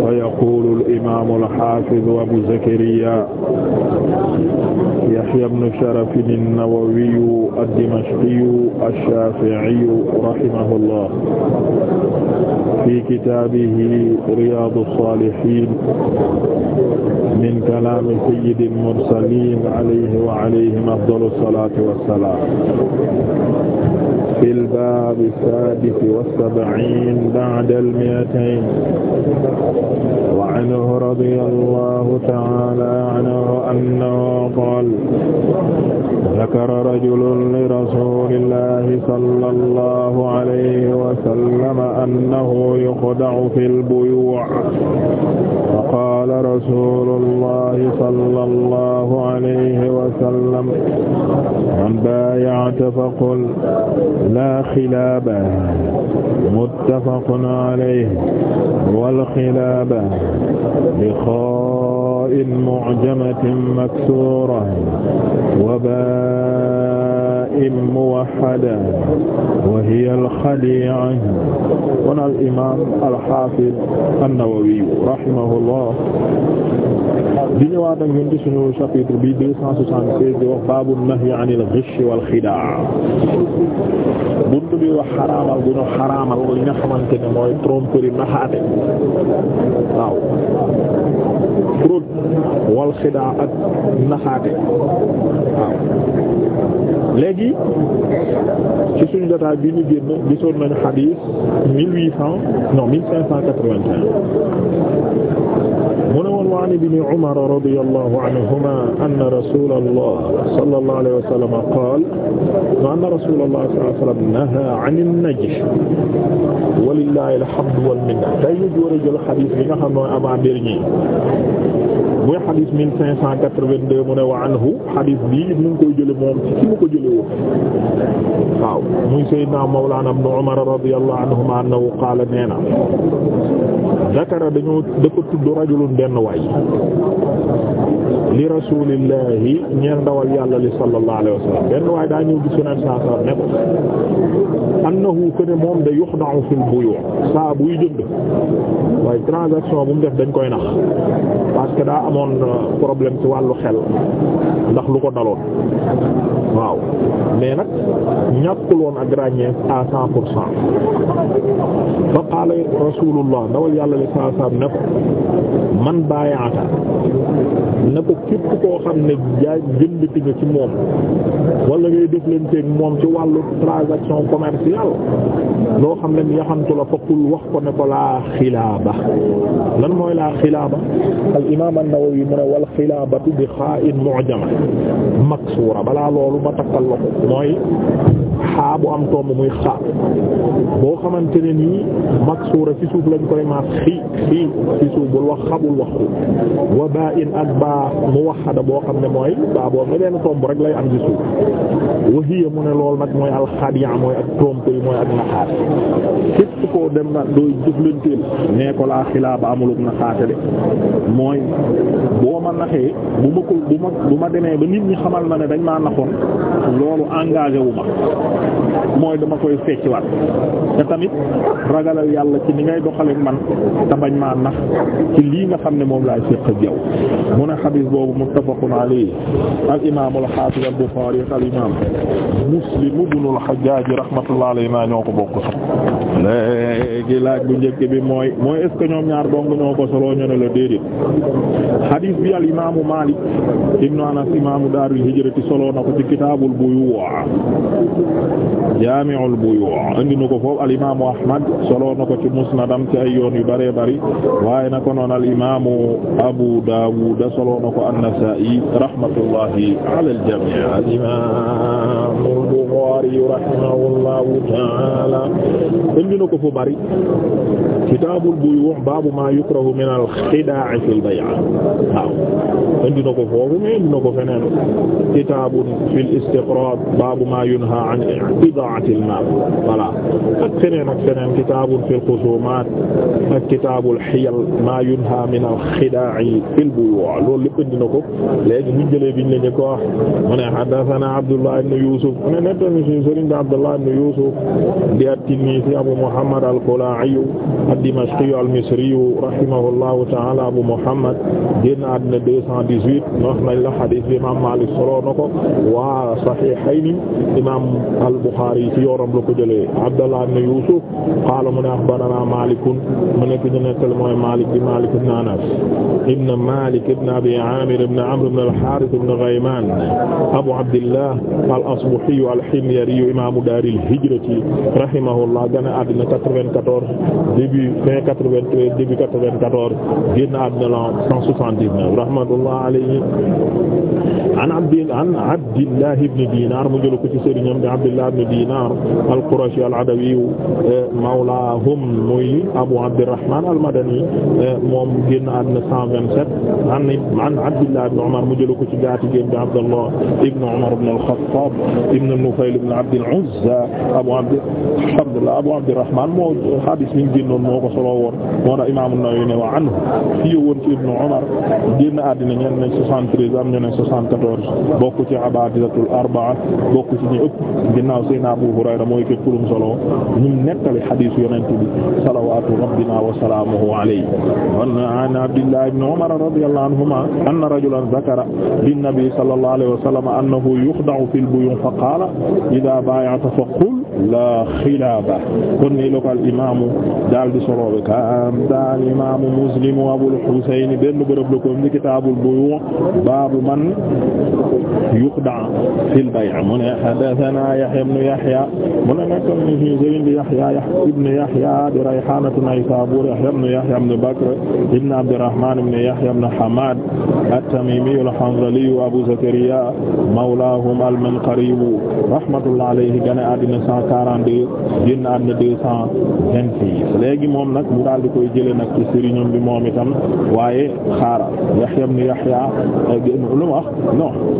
wa yaqulu al-imaamu al-haafiz Abu Zakariya Yahya ibn Sharaf an-Nawawi ad-Dimashqi ash-Shaafi'i rahimahullah fi kitaabihi Riyaadu as-Saalihiin min kalaami sayyidil mursaliin alayhi wa alayhim afdalu salaati wa salaam fil baabi saadisi wa sab'iin ba'dal mi'atayn wa anhu radiyallahu ta'aalaa anhu annahu qaala zakara rajulun li rasuulillaahi sallallahu alayhi wa sallam annahu yuxda'u fil buyuu' fa qaala rasuulullaahi sallallahu alayhi wa sallam man baaya'ta faqul laa xilaaba muttafaqun alayhi wal xilaaba in mu'jamatin maksura wa baa'in muwahhada wa hiya al-khadi'a kon al-imam al-hafiz an-Nawawi rahimahullah di ñëwaat ak ñun ci suñu chapitre bi deux cent soixante-seize di wax baabu nahyi anil ghish wal xidaa bunt bi wax xaraamal bu ñu xaraamal li nga xamante ne mooy tromperie naxaate waaw wal xidaa ak naxaate waaw léegi ci suñu jotaay bi ñu génn gisoon nañu xadiis mille huit cent non mille cinq cent quatre-vingt-un mu ne woon wa an ibni Umar radiyallahu anhuma anna rasulallah sallallahu alayhi wa sallam qaal anna rasulallah sallallahu alayhi wa sallam nahaa an an-najsh walillahi alhamdu wal minna tey ñu war a jël xadiis bi nga xam ne avant dernier muy xadis mille cinq cent quatre-vingt-deux wa anhu xadis bii mu koy jële moom mu ko jële woon waaw muy sayyidna mawlana ibn umar radiyallahu anhuma annahu qaala nee na dakara tudd rajulun benn waay li rasulillahi ñeen dawal yàlla li sallallahu alayhi wa sallam waay daa ñëw gis saa saa ne ko annahu que da yuxda'u fil buyu' saa buy jënd waaye transaction bu mu def dañ koy nax parce que daa amoon euh, problème ci wàllu xel ndax lu ko daloon waaw mais nag ñàkkuloon ak ràññeef à cent pour cent fa qaala rasulullah ndawal yàlla li saa saam ne ko man baayaata ne ko képp koo xam ne jaay jëndati ci moom wala ngay deflanteeg moom ci wàllu transaction commerciale loo xam ne yaxantu la fokkul wax ko ne ko laa xilaaba lan mooy laa xilaaba al imaam an-Nawawi mu ne wal xilaabatu bi xaa'in mu'jama maksuura balaa loolu ma takkal la ko mooy xaa bu am tomb muy xaa boo xamante ne nii maksuura ci suuf lañ koy maas xii xii ci suuf bul wax xabul wax wa baa'in ak baa muwahhada boo xam ne mooy baa boobu benn tomb rek lay am ci suuf wa hiya mu ne lool nag mooy alxadiya mooy ak tromperie mooy ak naxaate képp koo dem na dooy jëflanteel nee ko laa xilaaba amulug naxaate de mooy tey boo ma naxee bu ma ko bu ma bu ma demee ba nit ñi xamal ma ne dañ maa naxoon loolu engagé wu ma mooy dama koy fecciwaat te tamit ragalal yàlla ci ni ngay doxaleek man te bañ maa nax ci lii nga xam ne moom laay séq ak yow mu ne xadiis boobu muttafaqun alayhi al imaam al xaafis al buxaari al imaam muslim ibnu al xajjaaj rahmatullahi alayhi maa ñoo ko bokk sax léegi laaj bu njëkk bi mooy mooy est-ce que ñoom ñaar dong ñoo ko solo ñu la déedéet hadis bi al imaamu Maalik ibnu Anas imaamu daaril hijrati solo na ko ci kitaabul buyuu' jaami'ul buyuu' indi na ko foofu al imaamu Ahmad solo na ko ci musnadam ci ay yoon yu bëree bëri waaye na ko noon al imaamu Abu Daawuud solo na ko an-Nasaa'i rahmatullahi alal jamii' al imaamul Buxaari rahimahullahu ta'aala indi na ko fu bëri kitaabul buyuu' baabu maa yukrahu minal xidaa'i fil bay' sharia waaw indi na ko foofu mais indi na ko feneen kitaabun fil istiqraad baabu maa yunhaa an idaa'atil maal voilà ak feneen ak feneen kitaabun fil xusuumaat ak kitaabul xiyal maa yunhaa min al xidaa'i fil buyuu' loolu lépp indi na ko léegi bu jëlee biñ la ñu ko wax mu ne haddasanaa Abdullah ibn Yuusuf mu ne nettali suñu sëriñ bi Abdullah ibn Yuusuf di at-Tinnisi Abu Muhammad al-Kalaa'i ad-Dimashqi al-Misri rahimahullahu ta'aala Abu Muhammad nag génn àddina deux cent dix-huit wax nañ la xadiis bi imaam Maalik soloo na ko waa Sahiihayni imaam al-Buxaari ci yoonam la ko jëlee Abdallah ibn Yuusuf qaala mu ne axbaranaa Maalikun mu nekk ñu nettali mooy Maalik di Maalik ibn Anas ibn Maalik ibn Abi Aamir ibn Amr ibn al-Haarith ibn Ghaymaan Abu Abdillah al-Asbahi al-Himyari imaamu daaril hijrati rahimahullah gën a àddina quatre-vingt-quatorze début fin quatre-vingt-treize début quatre-vingt-quatorze génn àddina 179 rahmatullah alayhi an abdi an Abdillah ibn Dinar mu jël ko ci sëriñam di Abdillah ibn Dinar al-Qurashi al-Adawi eh, mawlahum muy Abu Abdirrahman al-Madani eh, moom génn àddina 127 an an Abdillah ibn Umar mu jël ko ci gàttigéem di Abdallah ibn Umar ibn al-Khattab ibn Nufayl ibn Abd al-Uzza Abu Abd Abdillah Abu Abdirrahman moo hadiis mi génnoon moo ko solo woon moo tax Imam an-Nawawi ne wa anhu fi woon ibn Umar génn àddina ñenn ne 73 am ñu ne 74 bokk ci abaadisatul arbaa bokk ci ñu ëpp ginnaaw Seydina Abu Hurayra mooy képp ku solo ñun nettali xadiis yonent bi salawaatu rabbina wa salaamuhu alayhi an an Abdillah ibn Umar radiyallahu anhuma anna rajulan zakara linnabi sallallahu alayhi wa sallam annahu yukhda'u fil buyu' fa qaala idha baaya'ta fa qul la xilaaba kon ni lokal imaamu daal di solo bi kan daal imaamu Muslim Abul Husayn ni benn bërëb la ko man yuxda fil bay' mu ne haddathana Yahya ibn Yahya mu ne nekk ni fi Sëriñ bi Yahya ibn Yahya di Rayhanatu Naysabur Yahya ibn Yahya ibn Bakr ibn Abdurrahman ibn Yahya ibn Hamad at-Tamimi al-Hanzali Abu Zakariya mawlahum al-Minqari rahmatullahi alayhi gane àddina 142 génn àddina 226 léegi moom nag mu daal di koy jëlee nag ci sëriñam bi moom itam waaye xaaral Yahya ibn Yahya lu wax non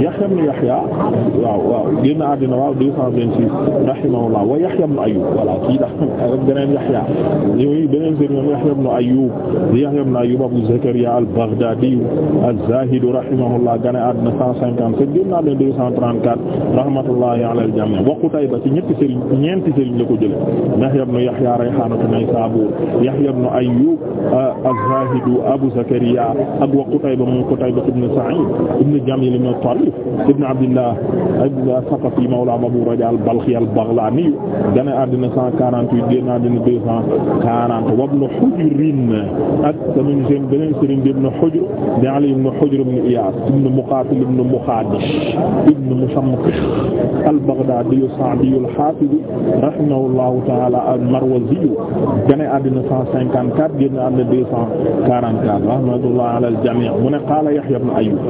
Yaxya ibn Yaxya waaw waaw génn àddina waaw deux cent vingt-six rahimahullah wa Yaxya ibn Ayyub voilà kii dax ak beneen Yaxya yooyu beneen sëriñ Yaxya ibn Ayyub di Yaxya ibn Ayyub Abu Zakariya al-Baghdadi az-Zahid rahimahullah génn àddina cent cinquante-sept génn àddina deux cent trente-quatre rahmatullahi ala al-jami' wa Qutayba ci ñetti sëriñ ñeenti sëriñ la ko jële Yaxya ibn Yaxya Rayhaanatu Naysabur Yaxya ibn Ayyub az-Zahid Abu Zakariya ak wa Qutayba mu Qutayba ibn Sa'id ibn Jamil ibn Tal ibn Abdillah as-Saqafi mawla Abu Raja al-Balkhi al-Baghlani gane àddina 148 génn àddina 240 wa ibn Hujr ak tamit seen beneen sëriñ di ibn Hujr di Ali ibn Hujr ibn Iyas ibn Muqatil ibn Mukhadish ibn Mushamkhish al-Baghdadi as-Sa'di al-Hafiz rahimahullahu ta'ala al-Marwazi gane àddina 154 génn àddina 244 rahmatullahi ala al-jami' mu ne qala Yahya ibn Ayyub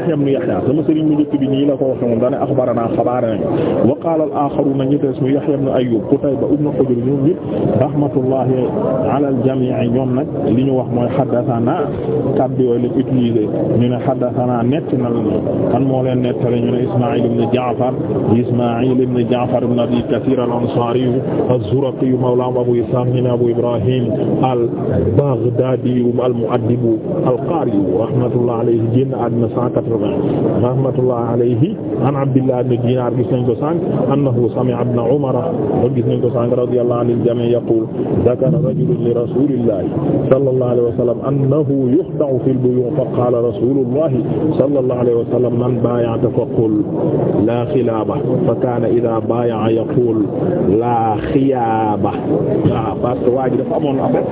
Yahya ibn Yahya sama sëriñ mu njëkk bi nii la ko waxe moom dane axbarana xabaar nañu wa qaala al-aaxaruna ñu tees mu Yahya ibn Ayyub Qutayba ibn Hujr ñoom ñëpp rahmatullahi ala al-jamii ñoom nag li ñu wax mooy haddathana kàddu yooyu lañ utilisé ñu ne haddathana nett na la kan moo leen nettali ñu ne Ismaa'il ibn Ja'far Ismaa'il ibn Ja'far ibn Abi Kathir al-Ansari az-Zuraqi mawla Abu Ishaq ñu ne Abu Ibrahim al-Baghdadi al-Mu'addib al-Qari rahmatullahi alayhi 80 rahmatullah alayhi an abdillah ibn dinar gis nañ ko sànq annahu sami'a ibn umar gis nañ ko sànq radiyallahu anil jami' yaqul dhakara rajulun li rasulillahi sallallahu alayhi wa sallam annahu yuhda'u fil buyu' fa qala rasulullahi sallallahu alayhi wa sallam man bay'aka faqul la khilaba fa kana idha bay'a yaqul la khiyaba waaw parce que waa ji dafa amoon affaire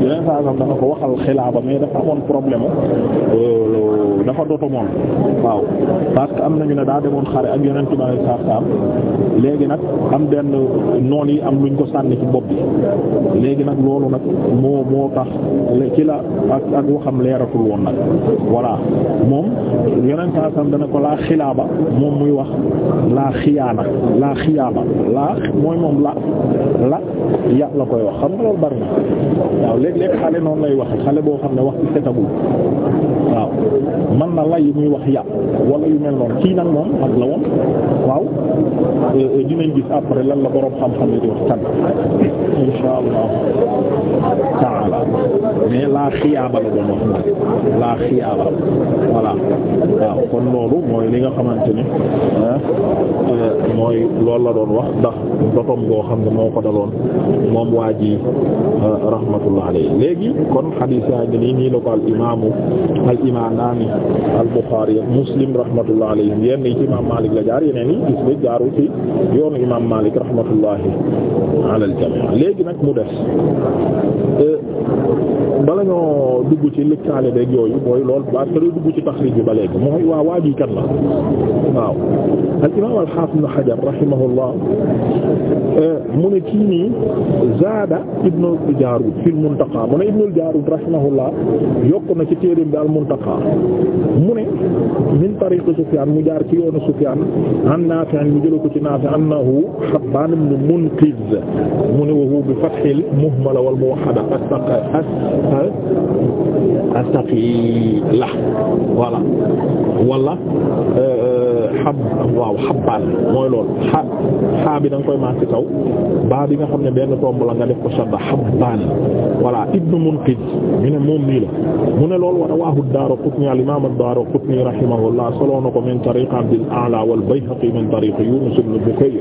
yeneen saa dafa ko waxal xilaaba mais dafa amoon problème euh, dafa moom waaw parce que am ñu ne daa demoon xare ak yeneen ci bari léegi nag am benn noon yi am luñ ko sànni ci bopp bi léegi nag loolu nag moo moo tax ci la ak ak waxam leeratul woon nag voilà moom yeneen saa dana ko laa xilaaba moom muy wax laa xiyaana laa xiyaaba laa mooy moom la la ya la koy wax xam nga loolu bari na waaw léeg-léeg xale noonu lay wax xale boo xam ne wax ci setagul waaw man na lay muy wax yàpp wala yu mel noonu kii nag moom ak la woon waaw euh, euh, dinañ gis après lan la borom xam-xam yi di wax kan insha allah taala laa xiyaaba la doon wax laa xiyaaba voilà waaw kon loolu mooy li nga xamante ni euh, mooy loolu la doon wax ndax dotom boo xam ne moo ko daloon moom waa ji rahmatullah alayhi léegi kon xadiis yaa ngi nii nii la ko al imaamu al imaanaani al-Bukhari ak Muslim rahmatullah alayhim yenn yi ci imaam Malik la jaar yeneen yi gis nga jaaru ci yoonu imaam Malik rahmatullahi ala al léegi nag mu des euh, bala dugg ci lëkkaale beeg yooyu mooy lool parce que dugg ci taxrij bi ba léegi waa waa ji kan waaw al-imaam al-Hafiz Ibn Hajar rahimahullah euh, mu ne kii nii zaada Ibn al-Jaarud fil mu ne Ibn al-Jaarud yokk na ci téereem bi al-Muntaqa mu ne min tariqi Sufyaan mu jaar ci yoonu Sufyaan an Naafi' mu jëla ko ci Naafi' annahu Hibbaan ibn Munqiz mu ne wa huwa bi fathil muhmala wal muwahhada astaqila voilà wala euh, xab waaw Hibbaan mooy loolu xa xaa bi da nga koy maas ci kaw baa bi nga xam ne benn tomb la nga def ko sadda Hibbaan voilà ibn Munqiz ñu ne moom nii la mu ne loolu war a waahu Daaraqutni imaam ad-Daaraqutni rahimahullah soloo na ko min tariq Abdil A'la wal Bayhaqi min tariq Yunus ibn Bukayr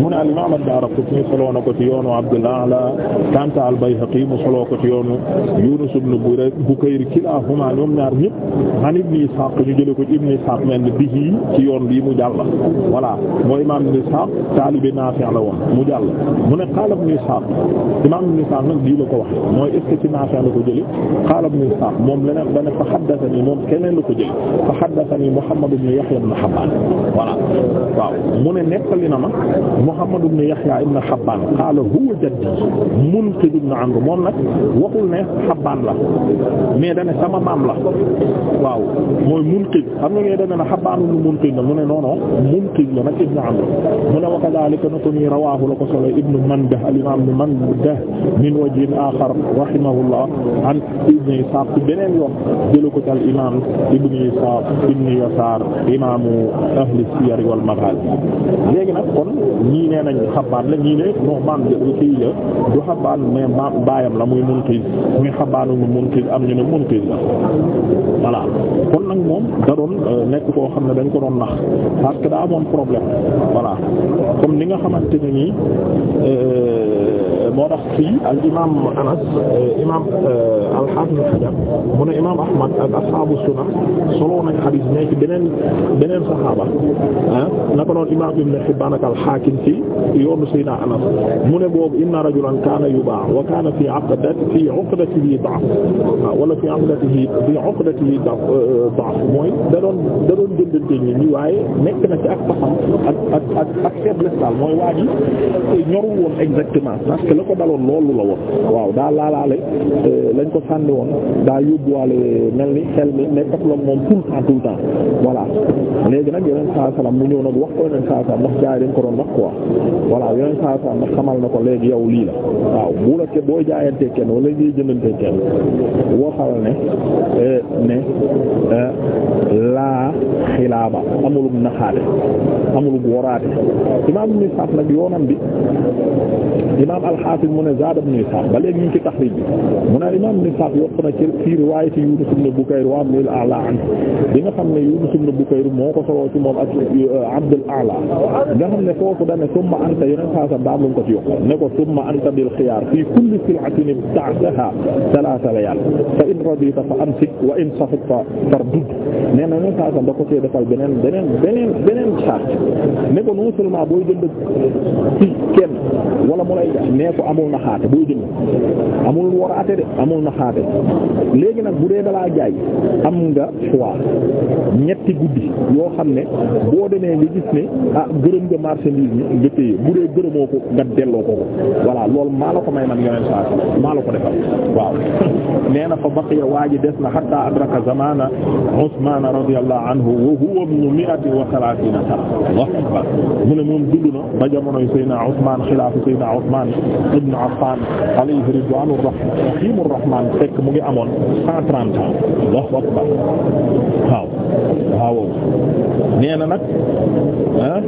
mu ne al imaam ad-Daaraqutni soloo na ko ci yoonu Abdil A'la kanta al Bayhaqi mu soloo ko ci yoonu Yunus ibn Bukayr kilaahumaa ñoom ñaar ñépp an Ibn Ishaq ñu jëlee ko ci Ibn Ishaq mel bihi ci yoon bii mu jàll voilà mooy imaam Ibn Ishaq taalibi Naafi' la woon mu jàll mu ne qaala Ibn Ishaq imaam Ibn Ishaq nag lii la ko waxee mooy est-ce que ci Naafi' la ko jëlee qaala Ibn Ishaq moom leneen da ne fa haddathanii moom keneen la ko jël fa haddathani Muhammad ibn Yahya ibn Habban voilà waaw mu ne nettali na ma Muhammad ibn Yahya ibn Habban qaala huwa jaddi Munkid ibn Amr moom nag waxul ne Habban la mais dane sama maam la waaw mooy Munkid xam nga ngay dane na Habban ibn Munkid la mu ne non non la nag ibn Amr mu ne wa kadhalika na ko nii rawaahu la ko solo ibn Mandah al-imam ibn Mandah min wajhin akhar rahimahullah an ibn Ishaq beneen yoon jëlu ko ci al-imam ibn Isaaq ibn Yasaar imaamu ahli siyar wal maghaazi léegi nag kon ñii nee nañ Xabbaan la ñii ne Nu'maan kii la du Xabbaan mais baayam la muy Munqiz muy Xabbaanu Munqiz am ñu ne Munqiz la voilà kon nag moom da euh, nekk koo xam ne dañ ko doon nax parce daa amoon problème voilà comme ni nga xamante ni nii euh, moo tax fii al imaam Anas euh, imaam euh, al-Hafiz Hajar mu ne imaam Ahmad ak ashaabu sunan solo nañ xadiis mais ci beneen beneen saxaaba ah naka noonu imaam Ibn Hibbaan ak al-Haakim ci yoonu Seydina Anas mu ne boobu inna rajulan kaana yubaa'a wa kaana fii uqdatihi fii uqdatihi da'f wala fii uqdatihi fii uqdatihi euh, da'f mooy da doon da doon jëndante nit ñi waaye nekk na ci ak paxam ak ak ak faiblesse daal mooy waa ji ñorul woon exactement parce que ko daloon loolu la woon waaw daa laalaale euh, lañ ko sànni woon daal yóbbuwaale mel ni xel mi nekkatuloon moom tout le temps tout temps voilà léegi nag yeneen saa salaam mu ñëw nag ko yeneen saa salaam ndax jaay ko doon wax quoi voilà yeneen saa salaam na ko léegi yow lii la waaw bu la ke boo jaayantee kenn wala ngay jëndantee kenn waxal ne euh, ne euh, laa xilaaba amulum naxaate amulum woraate imaam ibn Sa'd nag yoonam bi imaam al Xaatim mu ne zaada ibn Isaaq ba léegi ñu ngi ci taxriij bi mu ne imaam ibn Isaaq yokk na ci fii riwaayati Yuunus ibn Bukayr wa Abdul A'la an bi nga xam ne Yuunus ibn Bukayr moo ko soloo ci moom ak euh, Abdul A'la nga xam ne foofu dane summa anta yeneen xaasam daam lu ko ci yokk ne ko summa anta bil xiyaar fii kulli sil'atin ibta'taha salaasa layaal fa in radita fa amsik wa in safita fardud nee na yeneen xaasam da ko cee defal beneen beneen beneen beneen charte ne ko non seulement booy jënd ci kenn wala mu lay nee ko amul na xaate booy jënd amul waraate de amul na xaate léegi nag bu dee dalaa jaay am nga choix ñetti guddi yoo xam ne boo demee nga gis ne ah gërëm nga marchandise nga téye bu dee gërëmoo ko nga delloo ko ko voilà loolu maa la ko may man yeneen saa si maa la ko defal waaw nee na fa baqiya waa ji des na hatta adraka zamana Usman radiyallahu anhu huwa ibn mi'ati wa thalathina sana mu ne moom dund na ba jamonoy Seydina Usman xilaafu Seydina Usman ibn Affan alayhi ridwaanu rahiimu rahmaan fekk mu ngi amoon cent trente ans Allahu akbar waaw na nag ah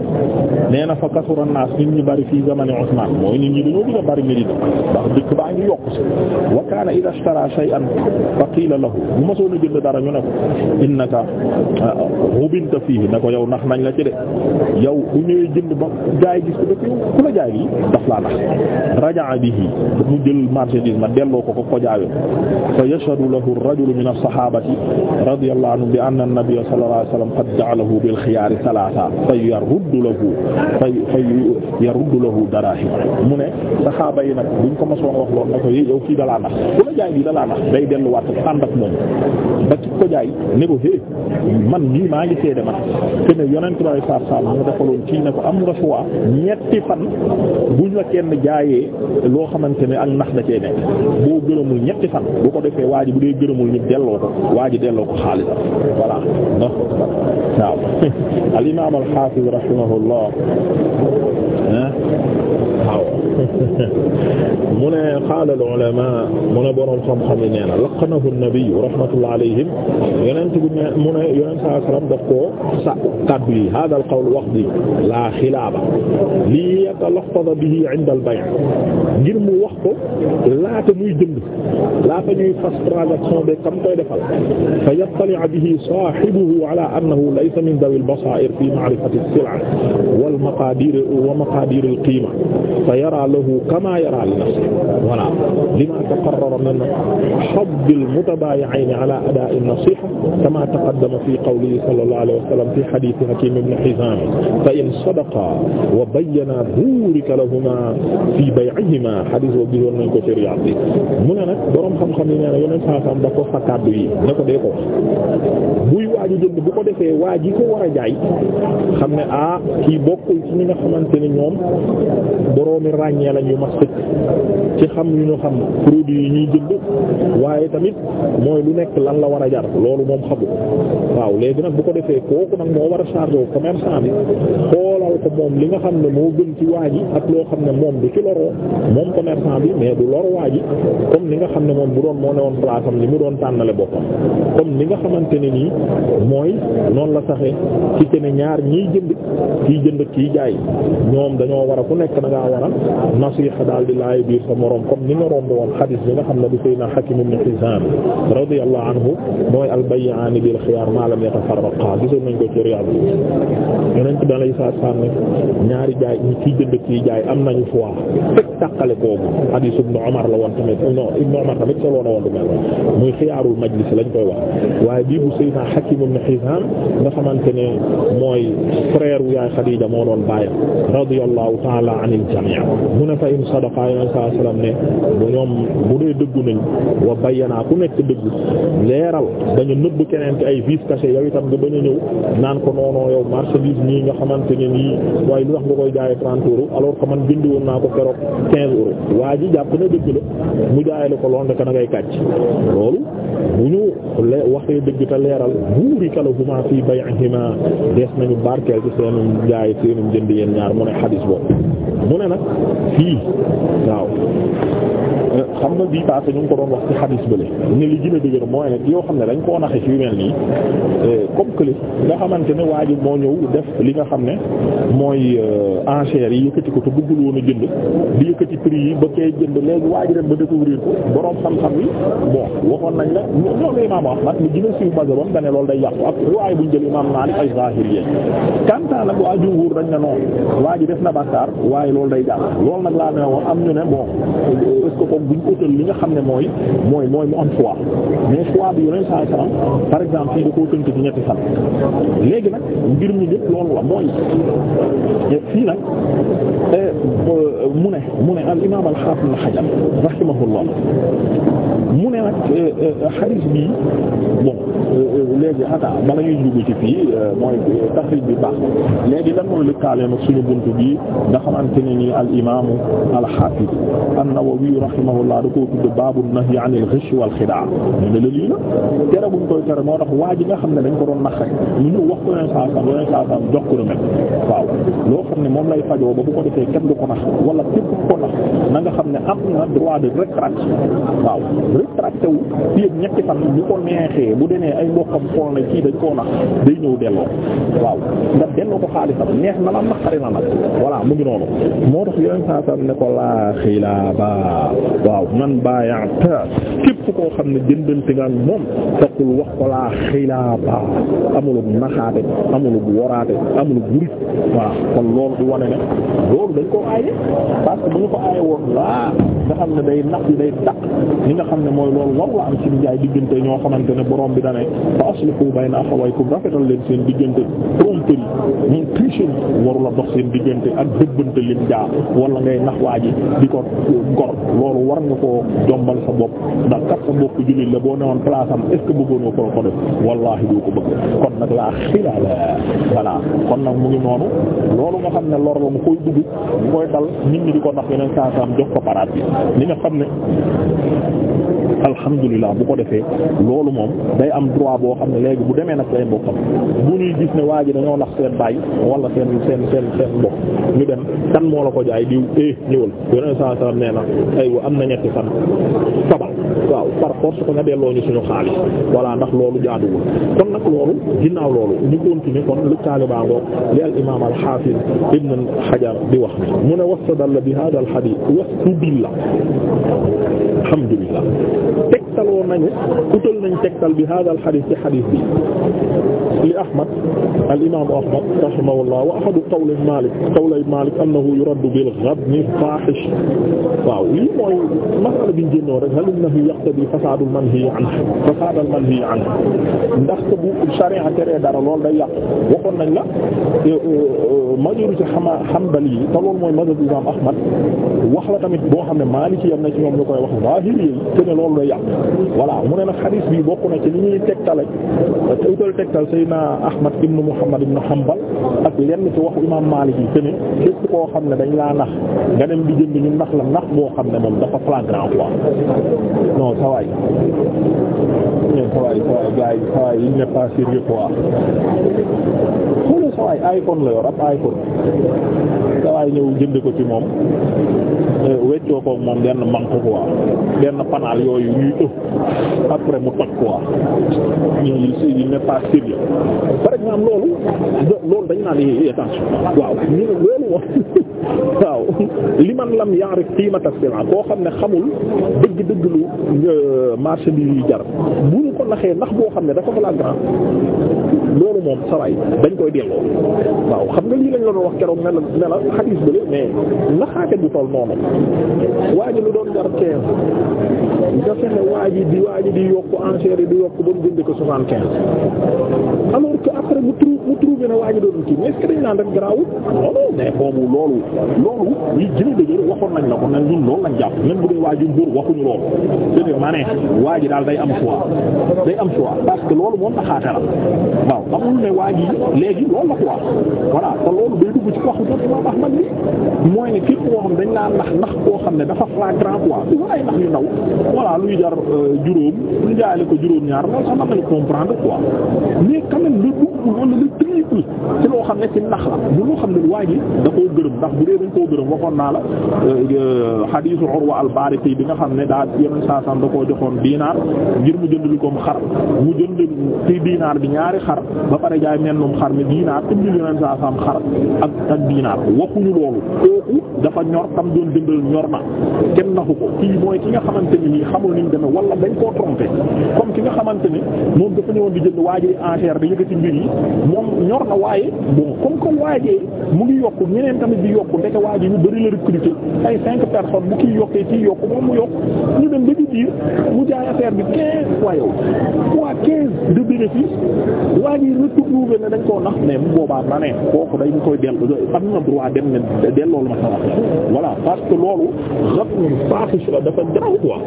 na fa kasura naas nit ñi bari fii zamani Usmaan mooy nit ñi dañoo bëgg a bari Medina ndax dëkk baa ngi yokk si wa kaana idaa ishtara shay'an fa qiila lahu bu ma soona jënd dara ñu ne ko innaka ghubinta ah, fiihi ne ko yow nax nañ la ci de yow bu ñëwee jënd ba jaay gis ko dëkk ku la jaay lii daf laa nax raja'a bihi mu jël marchandise ma delloo ko ko kojaawe fa yashhadu lahu ar-rajulu min as-sahabati radiyallahu anhu bi anna an-nabiyya sallallahu alayhi wasallam qad ja'alahu bil khiyar thalatha fa yaruddu lahu fa yaruddu lahu darahim mu ne saxaaba yi nag buñ ko mosoon wax loolu ne ko yow kii dalaa nax ku la jaay bi dalaa nax day delluwaat ànd ak moom ba ci ko jaay ne ko hé man nii maa ngi seede man te ne yonent bi sallallahu alayhi wasallam mu defaloon kii ne ko am nga choix ñetti fan buñ la kenn jaayee loo xamante ne ak nax da cee nekk boo gërëmul ñetti fan bu ko defee waa ji bu dee gërëmul ñu delloo ko waa ji delloo ko xaalisam voilà no waaw al imaam al xaafiz rahimahullah waaw mu ne qaala al ulamaa mu ne boroom xam-xam yi nee na laqanahu an-nabiy rahmatullah alayhim yonent bi ne mu ne yonent saa salaam daf koo sa kàddu yi haadha al qawl wax bi laa xilaaba lii yatalaqqa bihi inda al bay' ngir mu wax ko laata muy jënd laata ñuy fas transaction bi kam koy defal fa yattali'a bihi saahibuhu ala annahu laysa min dhawi al basaa'ir fi ma'rifati as-sil'a wal maqaadir wa maqaadir al qiima fa yara lahu kama yara li nafsihi voilà lima taqarrara min hadd al-mutabaayi'ayni ala adaa'i an-nasiha kama taqaddama fi qawlihi sallallahu alayhi wa sallam fi hadith Hakim ibn Hizam fa in sadaqa wa bayyana burika lahuma fi bay'ihima hadith boobu gisoon nañ ko ci Riyad bi mu ne nag borom xam-xam yi nee na yeneen saasam da ko fa kàddu yi ne ko dee ko buy waaj a jënd bu ko defee waaj yi ko war a jaay xam ne ah kii bokkul ci ñi nga xamante ne ñoom boroomi ràññee lañ yu ma sëkk ci xam yu ñu xam produit yi ñuy jënd waaye tamit mooy lu nekk lan la war a jar loolu moom xamu waaw léegi nag bu ko defee kooku nag moo war a chargé commerçant bi jaral moom li nga xam ne moo gën ci waa ji ak loo xam ne moom du ci loroo moom commerçant bi mais du lor waa ji comme ni nga xam ne moom bu doon moo ne woon place am li mu doon tànnale boppam comme ni nga xamante ne nii mooy noonu la saxe ci te ñaar ñiy jënd kiy jënd kiy jaay ñoom dañoo war a ku nekk da ngaa war a nasiha daal di laay biir sa moroom comme ni nga romb woon xadiis bi nga xam ne bu Seydina Hakim ibn Hizam radiyallahu anhu mooy al bay'ani bil khiyar ma lam yatafarraqa gisoon nañ ko ci Riyad xam ne ñaari jaay ñu ciy jënd ciy jaay am nañu foi fekk tàqale koogu hadith ibn Umar la woon tamit non ibn Umar tamit solo na woon du mel muy xiyaarul majlis lañ koy wax waaye bii bu Seydina Hakim ibn Hizam nga xamante ne mooy frère wu yaay Xadiija moo doon bàyyam radiyallahu ta'ala anil jami' mu ne fa in sadaqa ya sallam ne bu ñoom bu dee dëggu nañ wa bayyana ku nekk dëggu leeral dañu nëbb keneen ci ay vices yow itam nga bañ a ñëw naan ko noonoo yow marchandise ñii nga lii waaye lu wax nga koy jaayee trente euros alors que man bind woon naa ko keroog quinze euros waa ji jàpp na dëgg la mu jaayee la ko lool ndeka na ngay kàcc loolu bu ñu waxee dëgg te leeral buurika lahumaa fii bay'ihimaa des nañu barkeel ci seenum jaay seenum jënd yeen ñaar mu ne xadis boobu mu ne nag fii waaw xam nga bii passé ñu ngi ko doon wax ci xadis bële ne li gën a mooy nag yoo xam ne dañ koo naxe ci yu mel nii eh, comme que li nga xamante li nga xam ne mooy euh, enchères yi yëkkati ko te bëggul woon a jënd di yëkkati prix yi ba koy jënd léegi waa ji ba découvrir ko boroom xam-xam yi bon waxoon nañ la loolu mu gën a siiw mazhabam da loolu day yàqu ak waaye buñ jël imaam Maalik ay zahiriyya kanta nag waa jumhuur dañ ne noonu waa ji def na waaye loolu day jàll loolu nag laa am ñu ne bon est-ce que nga xam ne mooy mooy mooy mu am choix mais choix bi yoneen saa koo tënk ci ñetti fan léegi nag mbir mi lépp loolu la mooy fii nag euh, mu ne mu ne al imaam al haafiz al hajar rahimahullah mu ne nag euh, euh, xadiis bi bon léegi xataa bala ñuy dugg ci fii euh, mooy taxrij bi baax léegi lan mooy lëkkaaleem ak suñu buntu bi nga xamante ne nii al imaamu al xaafid an-Nawawi rahimahullah da koo tudd baabu nahyi anil ghish wal xidaa ñu ne la lii la tere buñ koy tere moo tax waa ji nga xam ne dañ ko doon nax rek ñu ñëw wax ko yeneen saa sam yeneen saa sam jox ko lu loo xam ne moom lay fajoo ba bu ko defee kenn du ko wala képp ko nga xam ne am na droit de rétractation waaw rétracté wu fii ñetti fan bu ko neexee bu nee ay mbokkam xool na waaw ndax delloo ko xaalisam neex na la na la voilà mu ngi noonu moo tax yeneen saa saa ne ko laa xilaaba waaw man baayaata képp koo xam ne jëndante nga moom faqul wax ko laa xilaaba amulub naxaate amulub woraate amulub wurit waaw kon loolu du wane ne loolu dañ koo aaye parce que bu ñu ko aaye woon laa nga xam ne day nax yi day taq li nga xam ne mooy loolu war la am ci njaay diggante ñoo xamante ne borom bi dane fa aslihu bayna axawaykum rafetal leen seen diggante tromperie moom tricherie warula dox seen diggante ak dëbbante lim jaa wala ngay nax waa ji di ko gor loolu war nga sax sa mbokk jullit la boo newoon place am est ce bëggoonoo ko ko def wallahi doo ko bëgg kon nag laa xilaala voilà kon nag mu ngi noonu loolu nga xam ne lor la mu koy dugg mu koy dal nit ñi di ko nax yeneen saa saa jox ko paraat bi li nga xam ne alhamdulilah bu ko defee loolu moom day am droit boo xam ne léegi bu demee nag lay mbokkam bu ñuy gis ne waa ji dañoo nax seen baay wala seen seen seen seen mbokk ñu dem tan moo la ko jaay diw eh ñëwal yeneen saa saa nee na aywa am na ñetti fan sabal waaw par force ko nga delloo ñu suñu xaalis voilà ndax loolu jaaduwul kon nag loolu ginnaaw loolu ñu continuer kon lu taalibaa ngoog li al imaam al xaafiz ibn xajar di wax mu ne wastadalla bi hada al hadith wastudilla alhamdulillah tegtaloo nañu utal nañ tegtal bi hada al xadis ci bi li ahmad al imaamu ahmad rahimahullah wa ahadu qawli malik qawli malik annahu yuraddu bil ghabni fahish waaw lii mooy masala biñ génnoo rek hal innahu yaqtadi fasaad al manhi anhu fasaad al manhi anhu ndax bu sharia tere dara lool day yàq waxoon nañ la euh, euh, majorité xama hanbali yi te loolu mooy mazhab imam ahmad wax la tamit boo xam ne maliki yam na ci ñoom ñu koy wax zahiri yi te ne loolu day yàq mu ne nag xadis bi bokk na ci li ñuy tegtale te utal tegtal Seydina Ahmad ibn Muhammad ibn Hanbal ak lenn ci waxu imaam Maalik yi te ne képp koo xam ne dañ laa nax nga dem di jënd ñu nax la nax boo xam ne moom dafa flagrant quoi non sawaay sawaay sawaay yi sawaay il n'est pas sérieux quoi xoolal sawaay iPhone la yor ab iPhone sawaay ñëw jënd ko ci moom weccoo koog moom benn manque quoi benn panaal yooyu yuy ëpp après mu toj quoi ñoom il n'est pas sérieux maanaam loolu loolu dañ naan yéey attention waaw ñu ne loolu moom waaw li man lam ya'rif qiimata sil'a koo xam ne xamul dëgg-dëgg lu euh, marché bi yuy jar bu ñu ko naxee ndax boo xam ne dafa fa la grand loolu moom sawaay dañ koy delloo waaw xam nga lii lañ la doon wax keroog ne la ne la xadiis bële naxaate bu toll noonu waa ji lu doon jar quinze nga fexe waa ji di waa ji di yokk enchère yi di yokk ba mu jënd ko soixante quinze alors que après mu mu trouvé na waa ji doon kii mais est-ce que dañu naan rek garaawul non non mais loolu loolu li jëli dëgër waxoon nañ la ko ne ñun loolu lañ jàpp même bu dee waa ji mbóor waxuñu loolu c'est-à-dire waa ji daal day am choix day am choix parce que loolu moom taxaate la waaw amul ne waa ji léegi loolu la quoi voilà te loolu day dugg ci waxu doon imam Ahmad bi mooy ne képp koo xam dañ laa nax nax koo xam ne dafa flagrant quoi du ay nax yu ndaw voilà luy jar euh, ko juróom ñaar loolu sax triple ci loo xam ne ci nax la bu loo xam ne waa ji da koo gërëm ndax bu dee dañ koo gërëm waxoon naa la xadiisu euh, Urwa al-Baariqi bi nga xam ne daa yenn saasam da koo joxoon diinaar ngir mu jënd xar bi ñaari xar ba pare jaay mennum xar mi diinaar indi yeneen saasam xar ak ak diinaar waxuñu loolu kooku dafa ñor tam doon jëndal ñor na kenn naxu ko kii mooy ki nga xamante ni xamul ni mu demee wala dañ koo trompé comme ki nga xamante ni moom waa ji enchère mbir yi moom moom ñor na waaye bon comme que waajee mu ngi yokk ñeneen tamit di yokk ndeke waaji ñu bari la recruter ay cinq personnes bu kii yokkee kii yokk moom ñu dem ba ci biir mu jaay affaire bi quinze fois yow fois quinze de bénéfice waaji retrouvé ne dañ boobaa na ne kooku day mu koy dellu am na droit dem ne delloo lu que loolu rab faaxis la dafa garaw quoi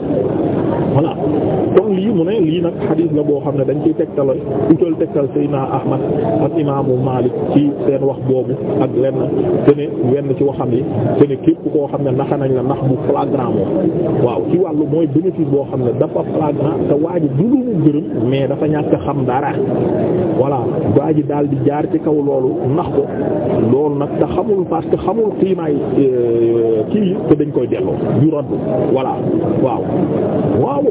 voilà kon lii mu ne lii xam ne dañ ciy tegtala utal tegtal Seydina Ahmad ak imaamu Maalik ci seen wax boobu ak lenn te ne wenn ci waxam yi te ne képp koo xam ne naxa nañ la nax bu flagrant moom waaw ci wàllu mooy bénéfice boo xam ne dafa flagrant te waa du lu mu gërëm mais dafa ñàkk xam dara voilà waa ji daal di jaar ci kaw loolu nax ko nag te xamul que xamul xiimaay euh, kii te dañ koy delloo yu raddu voilà waaw waaw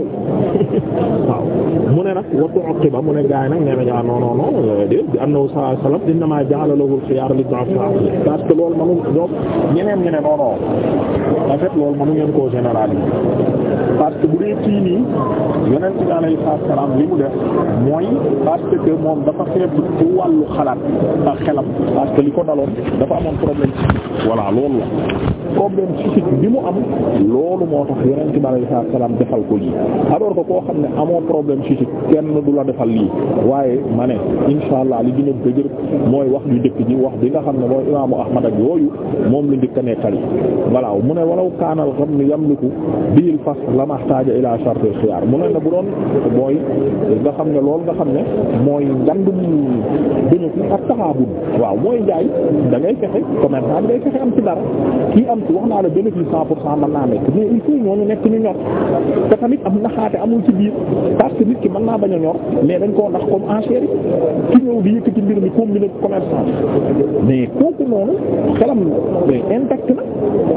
mu ne nag wattu oqiba mu ne gaay nag nee nañ ah, non non non euh, dé am na sallallahu alayhi wasallam innamaa ja'ala lahu al-khiyar li du'afa parce que loolu manu ñoom ñeneen ñeneen ngeen koo généraliser parce que bu dee kii nii yonent bi alayhi salaam li mu def mooy parce que moom dafa faible ci wàllu xalaat ak xelam parce que li ko daloon dafa amoon problème voilà loolu la problème physique bi mu am loolu moo tax yonent bi alayhi salaam defal ko lii alors que koo xam ne amoo problème physique kenn du la defal lii waaye ma ne inshallah li dëgër mooy wax ju jëkk ji wax bi nga xam ne mooy imaamu ahmad ak yooyu moom la njëkk a nettali voilà mu ne walaw kaanal xam ne yamliku biil fas la maxtaaja ila shart xiyaar mu ne nga xam nga xam ne mooy ngandum bénéfice da ngay fexe commerçant bi day fexe am ci dara kii am ci wax naa la bénéfice cent pour cent mën naa nekk mais il faut ñooñu nekk ñu ñor te am ci biir parce que nit ki mën a ñor mais dañ koo ndax comme enchère ki ñëw di yëkkati ci mbir mi combine mais noonu xelam intact na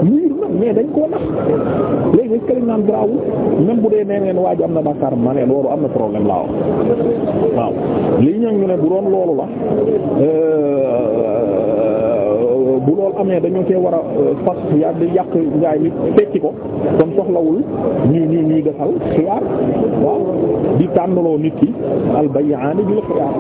mur na mais dañ koo nax léegi est-ce naan grawul même bu dee nee ngeen waa ji am na bàkkaar ma ne loolu am na problème laa wax waaw li ñu ne bu doon loolu la euh, bu lool amee dañoo cee war a euh, fas yaa di yàq njaay mi fekki ko kon soxlawul ñu ñu ñuy defal xiyaar waaw di tànnaloo nit ki albayaani bi la xiyaar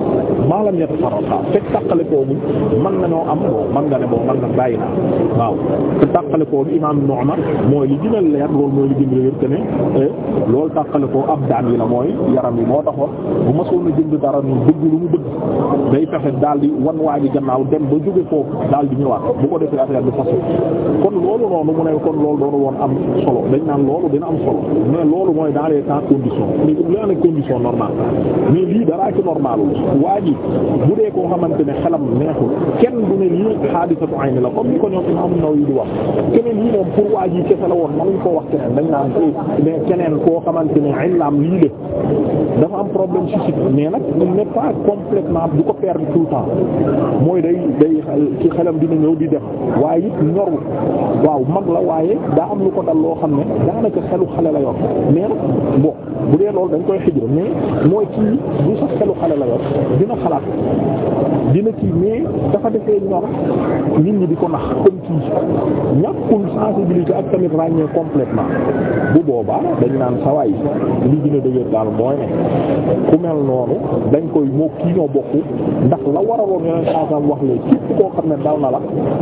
maa lam yatafarraqa fekk tàqale koobu mën nañoo am boo mën nga ne boo mën nga bàyyi naa waaw te tàqale koobu imaam Ibn Umar mooy li gën leer loolu mooy li gën a wér te ne euh, loolu tàqale koo ab daan yi la mooy yaram yi moo taxoon bu masoon na jënd dara ñu bëgg lu mu bëgg day fexe daal di wan waa ji gannaaw dem ba jóge foofu daal di ñëwaat bu ko defee affaire bi façon kon loolu noonu mu a kon loolu doonu woon am solo dañ naan loolu dina am solo mais loolu mooy dans les temps conditions mais laa nag condition normale mais lii daraa ci normalul waa ji bu dee koo xamante ne xelam neexul kenn du ne lii xaadisatu ayni la comme ni ko ñoom Imaam Nawawi di wax keneen lii moom pour waa ji kese la woon eh, lii de dafa am problème psychique mais nag il pas complètement du ko perdre tout temps mooy day day ci xelam dina di def waaye it ñoru waaw mag la waaye daa am lu ko dal loo xam ne daanaka xelu xale la yor mais bu dee loolu dañ koy xijra mais mooy kii bu sax xelu xale la yor dina xalaat dina kii mais dafa defee ñor nit ñi di ko nax comme kii ñàkkul sensibilité ak tamit ràññee complètement bu boobaa dañ naan sawaay li gën a dëgër daal mooy ne ku mel noonu dañ koy moo kii ñoo bokk ndax la waraloon yeneen xaasam wax lee képp koo xam ne dal na la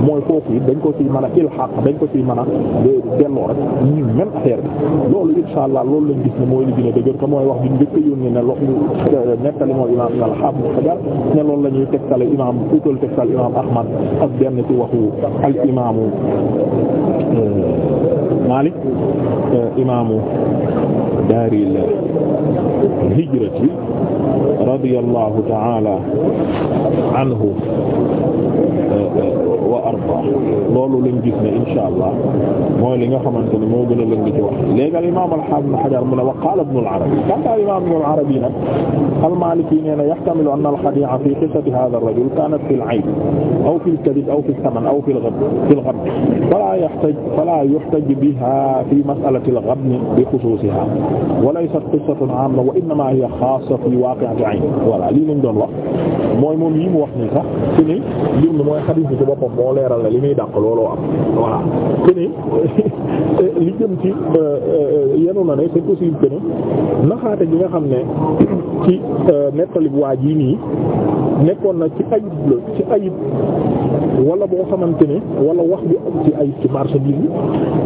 mooy kooku yi dañ ko ciy mën a ilhaq dañ ko ciy mën a delloo rek ñu même affaire bi loolu insha Allah loolu lañ gis ne mooy li bañ a dëgër mooy wax bi njëkk a yónnee ne loolu euh, nettali mooy imaam al Haafiz Hajar ne loolu la ñuy tegtale imaam utal tegtal imaam Ahmad ak benn ci waxu al imaamu euh, Maalik euh, imaamu daaril hijrati radiyallahu ta'ala anhu eh, eh, wa arda loolu lañ gis ne insha allah mooy li nga xamante ne moo gën a lëng ci wax léegi al imam al-hafiz Hajar mu ne wa qaala ibn al-Arabi kanta imam ibn al-Arabi nag al-Maliki nee na yahtamilu anna al-khadi'a fi qissati hadha ar-rajul kanat fi al-'ayn aw fi al-kadhib aw fi al-thaman aw fi al-ghib fi al-ghib fala yahtaj fala yuhtaj biha fi mas'alati al-ghib bi khususiha wa laysat qissatun 'amma wa innama hiya khassatun fii waaqi'atu ayn voilà lii lañ doon wax mooy moom yi mu wax nii sax te ni mbir mi mooy xadiis bi ci boppam moo leeral la li muy dàq looloo am voilà te eh, li jëm ci euh, euh, yenu na ne c'est possible que ne naxaate gi nga xam ne ci euh, nettali waa ji nii nekkoon na ci ayib la ci ayib wala boo xamante ne wala wax bi ak ci ayib ci marchandise bi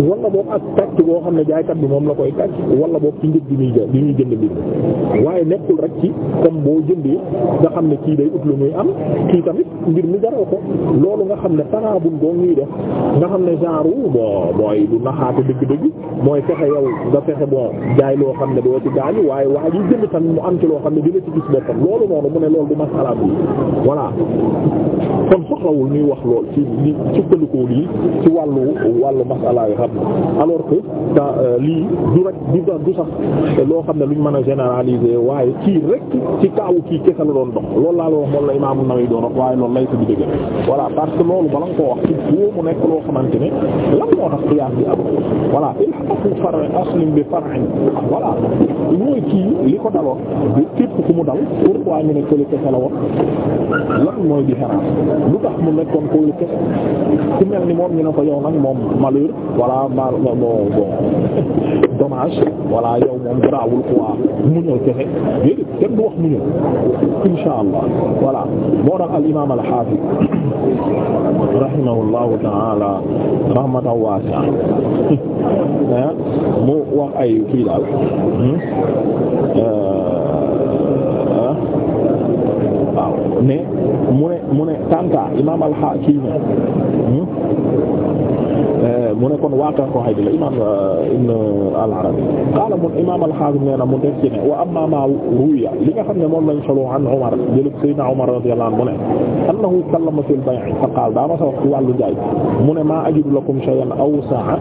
wala boo ak tàcc boo xam ne jaaykat bi moom la koy tàcc wala boo ci njëg bi muy jë bi muy jënd bi waaye nekkul rek ci comme boo jëndee nga xam ne kii day ut muy am kii tamit mbir mi jaroo ko loolu nga xam ne taraabun boo ñuy def xam ne genre bo mooy du naxaate dëgg-dëgg mooy fexe yow nga fexe bon jaay loo xam ne doo ci gaañu waaye waa ji jënd tamit mu am ci loo xam ne dina ci gis boppam loolu noonu mu ne loolu du masala bi voilà kon soxlawul ñuy wax lool ci li sukkandikoo lii ci wàllu wàllu masala xam alors que euh, lii du rek du du sax loo xam ne luñ mën a généraliser waaye kii rek ci kaawu kii kese la doon dox loolu laa la wax moom la Imaam an doon wax waaye loolu lay fi di dëgg voilà parce que loolu bala nga koo wax ci nekk loo xamante ne lan moo tax qiyaas bi am voilà ilhaqu far aslim bi far'in voilà mooy kii li ko daloon du képp ku mu dal pourquoi ñu ne kële kese la lan mooy différence lu tax mu nekkoon ko lu kese ni moom ñu ne ko yow moom malheur wala mal bon dommage wala yow moom garaawul quoi muñal kese déedéet kenn du wax muñal inshaa Allah voilà moo tax al imaam al haafiz rahimahullahu ta'ala rahmatan waasi'a mu wax ay kii hmm? euh, waaw ne mu ne mu ne Kanta imaam al-Hakim hmm? Euh, mu ne kon waakan ko xay di la imam euh, ibn al-Arabi qaala mun imam al-Hafiz nee na mu def ci ne wa amma ma ruya li nga xam ne moom lañ solo an Umar jëlëb sayyidina Umar radiyallahu anhu mu ne annahu kallama fil bay' fa qaala daa ma sa wax ci wàllu jaay mu ne maa ajidu lakum shay'an awsa'a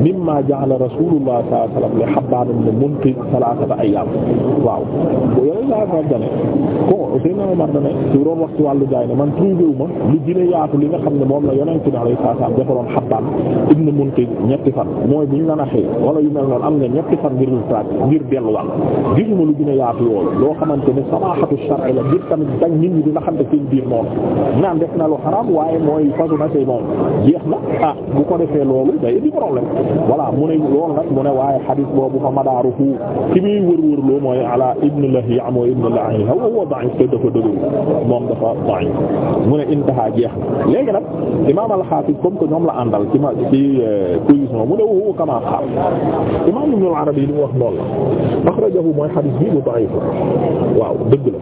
mimma ja'ala rasulullah sallallahu alayhi wa sallam li Habbab ibn Munqidh thalathata ayyam waaw ko Seydina Omar da ne ci doon wax ci wàllu jaay ne man trouvé wu ma lu gën a yaatu li nga xam ne moom la yonent bi alayhi salaam defaroon xabbaan ibn munti ñetti fan mooy bu ñu la naxee wala yu mel noonu am nga ñetti fan ngir retraite ngir delluwaat gisuma lu gën a yaatu loo xamante ne samaaxatu shar'i la ngir tamit dañ nit ñi dina xam ne seen biir noonu naan def na lu xaraam waaye mooy fasu na say noonu jeex na a ah, bu ko defee loolu day di problème voilà mu ne loolu nag mu ne waaye xadiis boobu fa madaaru fu ki muy wër-wër loo mooy ala ibn lahiya mooy ibn lahiya huwa da'if te dafa dëgëru moom dafa da'if ci euh, position mu ne waxu kama xaal imam Ibn al-Arabi yi li mu wax lool la akhrajahu mooy hadith bi bu da'if la waaw dëgg la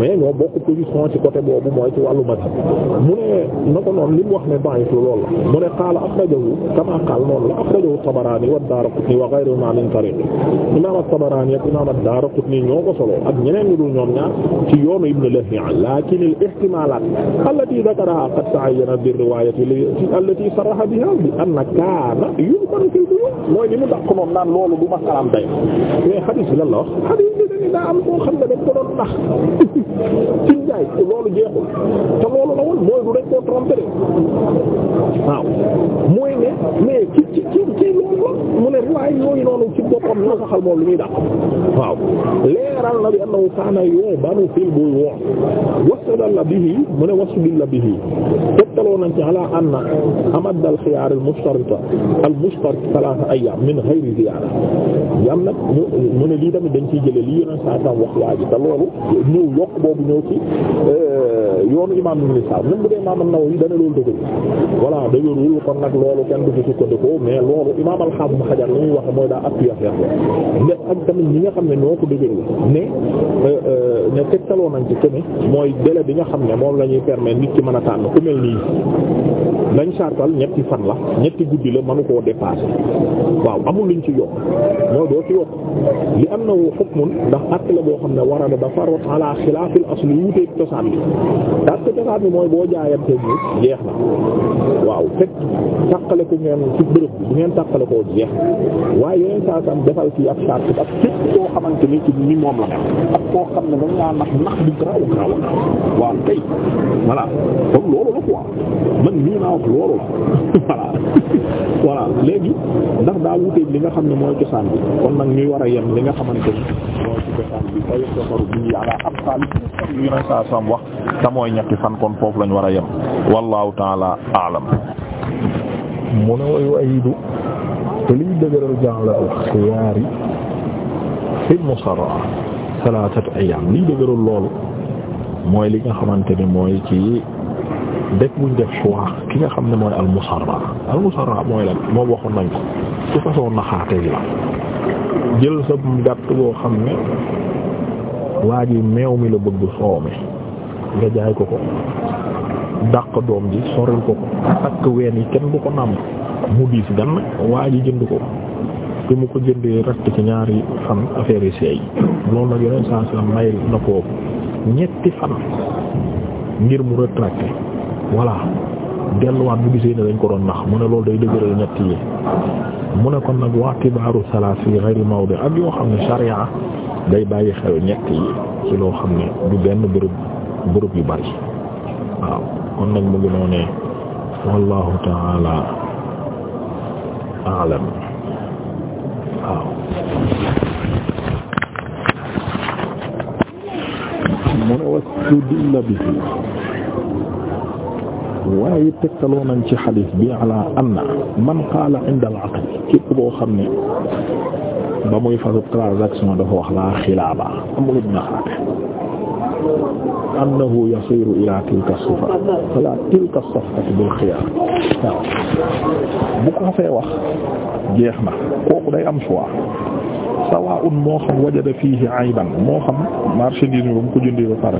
mais ñoo bokk position ci côté boobu mooy ci wàllu madhab mu ne na ko noonu li mu wax ne da'if la lool la mu ne qaala akhrajahu kama qaal noonu la akhrajahu at-Tabarani wa ad-Daraqutni wa ghayruhuma min tariq imam at-Tabarani ak imam ad-Daraqutni ñoo ko solo ak ñeneen ñu dul ñoom ñaar ci yoonu Ibn Lahi'a lakin al-ihtimalat allati dhakaraha qad ta'ayyana bi riwayati allati sarraha sarraha bi hal bi anna kaana yumkanu fil buyut mooy li mu dàq noonu naan loolu du ma salaam tey mais xadiis bi lan la wax léegi daa am koo xam ne dañ ko doon nax ci jaay loolu jeexul te loolu la woon mooy du dañ koo tromper de waaw mooy ne mais ci ci ci ci loolu la mu ne riwaay yooyu noonu ci boppam ñoo saxal moom li ñuy dàq waaw leeral na bi annahu kaana yubanu fil buyu' wastadalla bihi mu ne wastadalla bihi tegtaloo nañ ci ala anna amadd al xiyaar al mushtarita al mushtarak salaasa ayyaam min ghayri ziyaada yam nag mu ne lii tamit dañ ciy jëlee lii saa wax waa ji te loolu ñëw yokk boobu ñëw ci euh, yoonu imaam Ibn Sa'd même bu dee imaam an-Nawawi dana loolu dëgërul voilà dëgërul kon nag loolu kenn du ci mais loolu imaam al-Hafiz Ibn Hajar li muy wax mooy daa appui affaire bi ak nga xam ne ñoo ko dëgërul ne euh, euh, ne tegtaloo nañ ci que mooy délai bi nga xam ne moom la ñuy permettre nit ki mën a tànn ku mel nii lañ sartal ñetti fan la ñetti guddi la mënu koo dépasser waaw amul luñ ci yokk mooy doo ci yokk li am na hukmun ndax acte la boo xam ne war a dafa rot ala xilaafil asli wuuteeg cosaan bi mooy boo jaayante ñu jeex na waaw ko ngeen bu ngeen tàqale koo jeex waaye yeneen saa sam defal ci ab charte ci ni moom la laa nax nax bi garaaw garaaw waaw tey voilà kon loolu la quoi man nii naa wax loolu la voilà léegi ndax daa wuuteeg li nga xam ne mooy cosaan bi kon nag ñuy war a yem li nga xamante ni defal bi fa yastataru bihi wax te ñetti fan kon foofu lañ war a yem wallahu taala aalam mu ne wayu ayidu te liy dëgëral jànla alxiyaari fil musarra salatat ayyam liy dëgëral loolu mooy li nga xamante ni mooy ci dëkk buñ def choix ki nga xam ne mooy al musarra al musarra mooy lan moom waxoon nañ ko ci façon naxaate yi la jël sa gàtt boo xam ne waa ji meew mi la bëgg soome nga jaay ko ko dàq doom ji soril ko ko takk ween yi kenn du ko nàmp mu diis gan waa ji jënd ko te mu ko jëndee ratt ci ñaari fan affaire yi seey loolu nag yeneen saa saa may na ko ñetti fan ngir mu retracté voilà delluwaat bu gisee ne dañ ko doon ndax mu ne loolu day dëgëral ñett yi mu ne kon nag waa kibaaru salaas fi ghayri mawdi ak yoo xam ne sharia day bàyyi xel ñett yi ci loo xam ne du benn bërëb bërëb yu bari waaw kon nag mu ngi noonee wallahu ta'ala a'lam waaw waaye tegtaloo ci xadiis bi ala anna man qaala inda al aqd képp koo xam ne ba muy fasu transaction dafa wax laa xilaaba amul na xaate annahu yasiru ila tilka sifa ila tilka safati bil xiyaar waaw bu ko fee wax jeex na kooku day am choix sawaa'un moo xam wajada fiihi ayban moo xam marchandise bi ba mu ko jëndee ba pare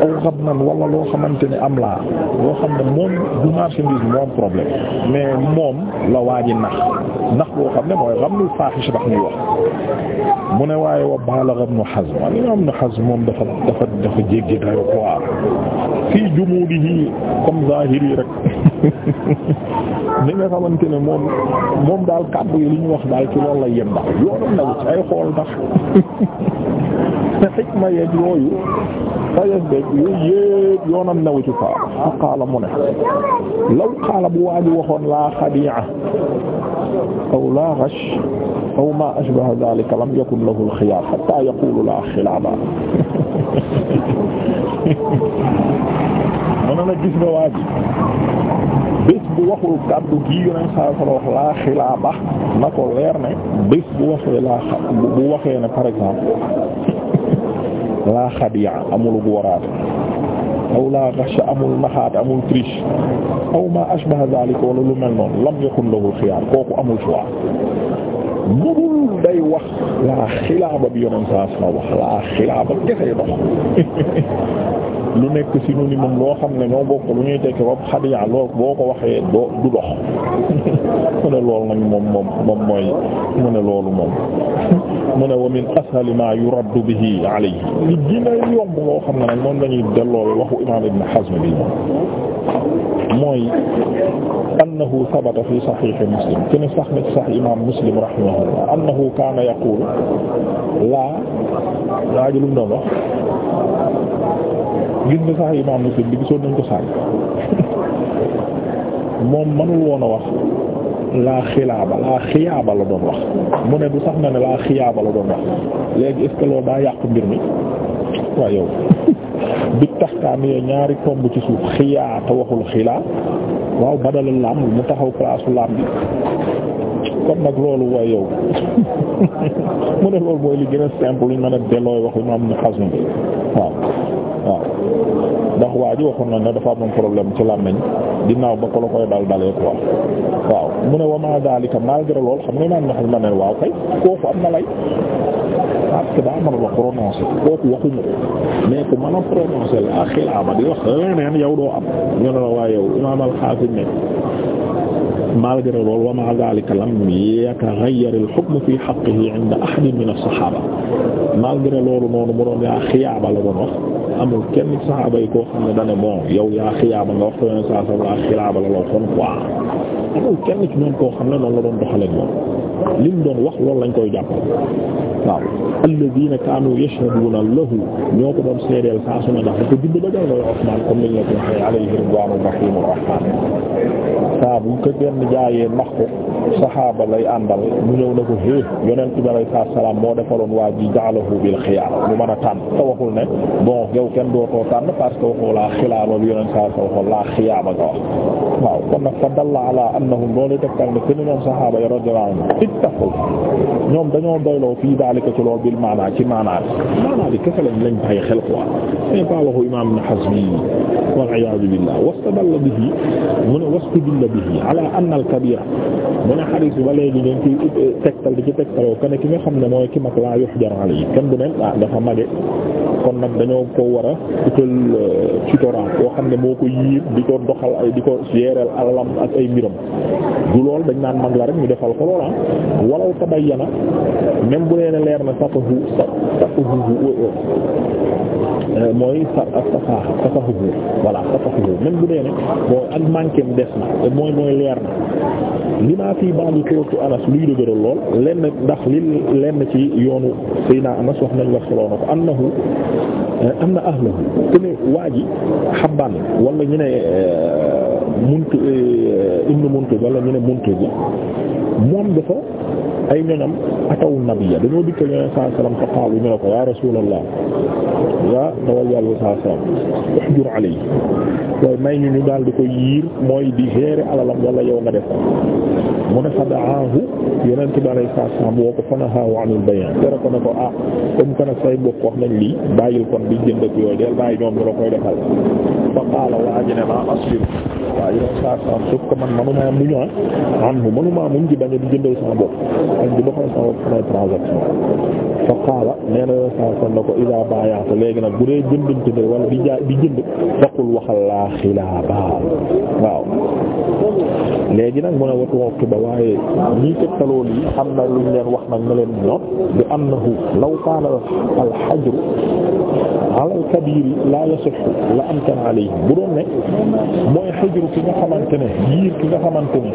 aw xam nan wala loo xamante ne am laa loo xam ne moom du marchandise moo am problème mais moom la waaji nax nax boo xam ne mooy ramnul faaxisha tax ñuy ne waaye wa balagha ibn Hazm moom dafa dafa dafa jéggi dayo quoi fii jumudihi comme zahiri rek ni nga xamante ne moom moom daal kàddu yi li wax daal ci loolu la yem ndax yoonu naw ay xool ndax te xikma yeeg yooyu xayas beeg yooyu yëpp yoonam nawu ci quoi fa qaala mu ne law qaala bu waaji waxoon laa xadi'a aw laa ghash aw ma ashbaha dhalika lam yakun lahu al-khiyar hatta yaqulu laa xilaaba mëna na gis nga waaji bés bu waxul kàddu gii yoneen saa sala wax laa xilaaba na ko leer ne bés bu waxee laa bu waxee ne par exemple laa xadiya amul waraate aw laa ghasha amul naxaate amul triche aw ma ashbaha zaalika wala lu mel noonu lam yakun lahu xiyaar kooku amul choix day wax laa xilaaba bi yoneen saa suma wax laa xilaaba gesey dox lu nekk synonyme moom loo xam ne ñoo bokk lu ñuy tekki bopp xadiya lool boo ko waxee doo du dox mu ne loolu nag moom moom moom mooy mu ne loolu moom mu ne wa min ashali ma yuraddu bihi alayhi li loo xam ne nag moom lañuy delloo waxu imaam ibn Hazm bi mooy annahu sabata fi sahih muslim ken sax na ci sahih imam muslim rahimahullah annahu kaana yaqulu laa laa ji lu mu doon wax gis nga sahih imam muslim bi gisoon nañ ko sànni moom mënul woon a wax laa xilaaba laa xiyaaba la doon wax mu ne du sax na ne laa xiyaaba la doon wax léegi est-ce loolu daa yàqu mbir mi waaye yow bi taxtaam yee ñaari tomb ci suuf xiyaa te waxul xilaa waaw badala laam mu taxaw palaasu laam bi kon nag loolu waaye yow mu ne loolu mooy li gën a simple luñ mën a dellooy waxu Imaam Ibn Hazm bi waaw waaw ndax waa ji waxoon nañ ne dafa amoon problème ci làmmiñ ginnaaw ba ko la koy dal dalee quoi waaw mu ne wa ma dalika malgré lool xam nga naan na waaw kay kooku am na lay parce wax prononcer kooku waxuñu mais ku mën a prononcer la wax leneen yow doo am ñu ne la waa yow imaam al-Xaasim ne malgré loolu wa ma zalika lam yataghayyar al-hukm fi haqqihi 'inda ahad min as-sahaba malgré noonu mu doon yaa xiyaaba la doon wax amul kenn saxaaba yi koo xam ne dana bon yow yaa xiyaaba nga wax ko yonen saa salaa xiyaaba la loo xon amul kenn ci ñoom xam ne noonu la doon doxaleek moom li mu wax loolu lañ koy jàpp waaw alladina kaanu yashhaduna lahu ñoo ko doon seedeel saa su ne ndax dafa bind ba jàll Usmaan comme ko waxee alayhi ridwaanu rahiim rahmaan saa bu ko kenn jaayee nax ko saxaaba àndal mu ñëw na ko hée yonent bi alayhi salaam moo defaloon waa ji ja'alahu bil xiyaar mu mën a tànn te waxul ne bon yow kenn dootoo tànn parce que waxoo laa xilaar wala yonent saa sa waxoo laa xiyaar nga wax waaw kon nag fa dalla ala annahum loolu ne kenn ñoom saxaaba ya radiyallahu anhum yàqul ñoom dañoo doyloo fii daalika ci lool bil maanaa ci maanaa maanaa bi kese lañ lañ bàyyi xel quoi mais pas waxu imaam Ibn Hazm wal iyaadu billah wastadalla bihi mu ne mu ne xadiis bi ba léegi dañ ciy euh, tegtal di ci tegtaloo que ki nga xam ne mooy ki mag laa yuhjar alayhi kenn du ne ah dafa mage kon nag dañoo ko war a utal euh, tutora koo xam ne moo ko yiir di ko doxal ay di ko gérer alalam ak ay mbiram du lool dañ naan mag la rek ñu defal ko ah. walaw tabayyana même bu nee leer na safahu safahu euh, mooy sa ak safaa safahu voilà safahu même bu nee ne ak manqué mu des na mooy mooy leer na li maa fii ba'du turuq Anas luy dëgëral lool lenn ndax li lenn ci yoonu Seyna Anas wax nañ wax solo na ko annahu euh, am na ahlahu te ne waa ji xabbaan wala ñu ne euh, munt ibnu munt wala ñu ne munt bi moom dafa ay ñoñam atawu nabiyya dañoo dikkal yeneen saa salaam fa qaalu ñu ne ko yaa rasuulallah yaa tawajjal saa saa ihjur alay waaye may ñu ñu daal di ko yiir mooy di gérer alalam wala yow nga def mu ne fa daahu yonent bi alayhi salaam woo ko fa nahaahu anil bayaan tere ko ne ko ah comme que say bokk wax nañ lii bàyyil kon di jënd ak yooyu del bàyyi ñoom ñu la koy defal fa qaala waa ji ne ma asbir waaw yeneen saa saam suuf que manuma am ñu ah am manuma mu ngi bañ a di jëndal sama bopp ak di doxal sama bopp samay transaction fa qaala nee na yow saa soxna ko idaa baayaata léegi nag bu dee jëndante ne wala di jaay di jënd laa xilaaba waaw. léegi nag mu ne watu wokki ba waaye ñii tegtaloo lii am na luñ leen wax nag ne leen ñoom bi annahu law kaana al alal kabir laa yasihhu la amkana alayhi bu doon ne mooy xëjru ki nga xamante ne yiir ki nga xamante ne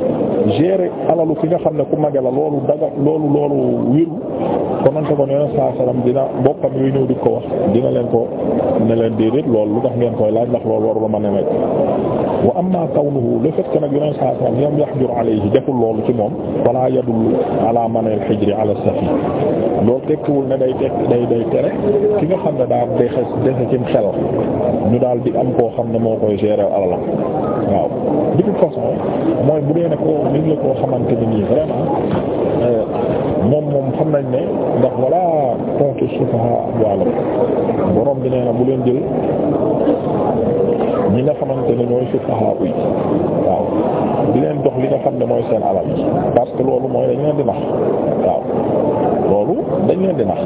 gérer alalu ki nga xam ne ku mage la loolu daga loolu loolu wéru konante ko nee na saa salaam dina bokkam yooyu ñëw di ko wax dina leen ko ne leen déedéet loolu lu tax ngeen koy laaj ndax loolu warula mën a nekk wa amma qawluhu le fait que nag yeneen saa saa yam yahjur loolu ci moom wala yadullu ala man al hijri ala safi loolu tekkiwul ne day tek day day ki nga xam ne daa dexe dexe cim xel ñu daal di am koo xam ne moo koy gérer alalam waaw de toute façon mooy bu dee ne koo xamante ne nii vraiment euh, moom moom xam nañ ne ndax wala tu'tu sufaha amwaalahum borom bi nee na bu leen jël ñi nga xamante ne ñooy fuqaha yi waaw di leen dox li nga xam ne mooy seen alal yi parce que loolu mooy dañ leen di nax waaw loolu dañ leen di nax